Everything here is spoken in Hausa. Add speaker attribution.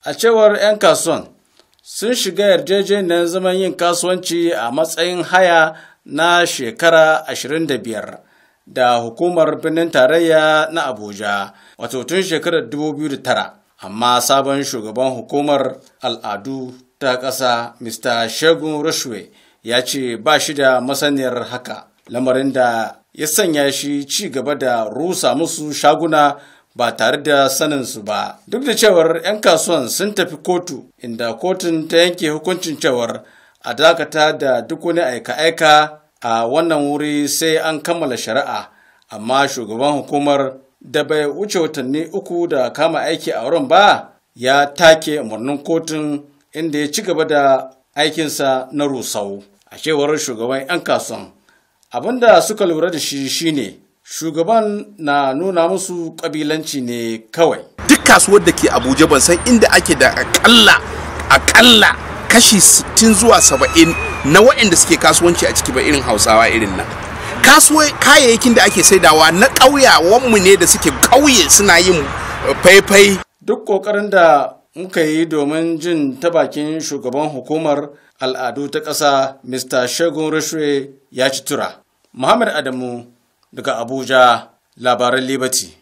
Speaker 1: A cewar 'yan kasuwan, sun shiga yarjejeniyar zaman yin kasuwanci a matsayin haya na shekara 25 da hukumar birnin tarayya na Abuja, wato tun shekarar 2009. Amma sabon shugaban hukumar al'adu ta ƙasa, Mr. Shegun Rushwe, ya ce ba shi da masaniyar haka, lamarin da ya sanya shi ci gaba da rusa musu shaguna ba tare da saninsu ba duk da cewar 'yan kasuwan sun tafi kotu inda kotun ta yanke hukuncin cewar a dakata da duk wani aika-aika a wannan wuri sai an kammala shari'a amma shugaban hukumar da bai wuce watanni uku da kama aiki a wurin ba ya take umarnin kotun inda ya ci gaba da aikinsa na rusau a cewar shugaban 'yan kasuwan abinda suka lura da shi shine shugaban na nuna musu kabilanci ne kawai
Speaker 2: duk kasuwar da ke abuja ban san inda ake da akalla akalla kashi 60 zuwa 70 na waɗanda suke kasuwanci a ciki ba irin hausawa irin nan kayayyakin da ake saidawa na ƙauyawanmu
Speaker 1: ne da suke ƙauye suna yin
Speaker 2: uh, faifai
Speaker 1: duk ƙoƙarin da muka yi domin jin ta bakin shugaban hukumar al'adu ta ƙasa mr shagun rashwe ya ci tura muhammad adamu daga Abuja labaran Liberty.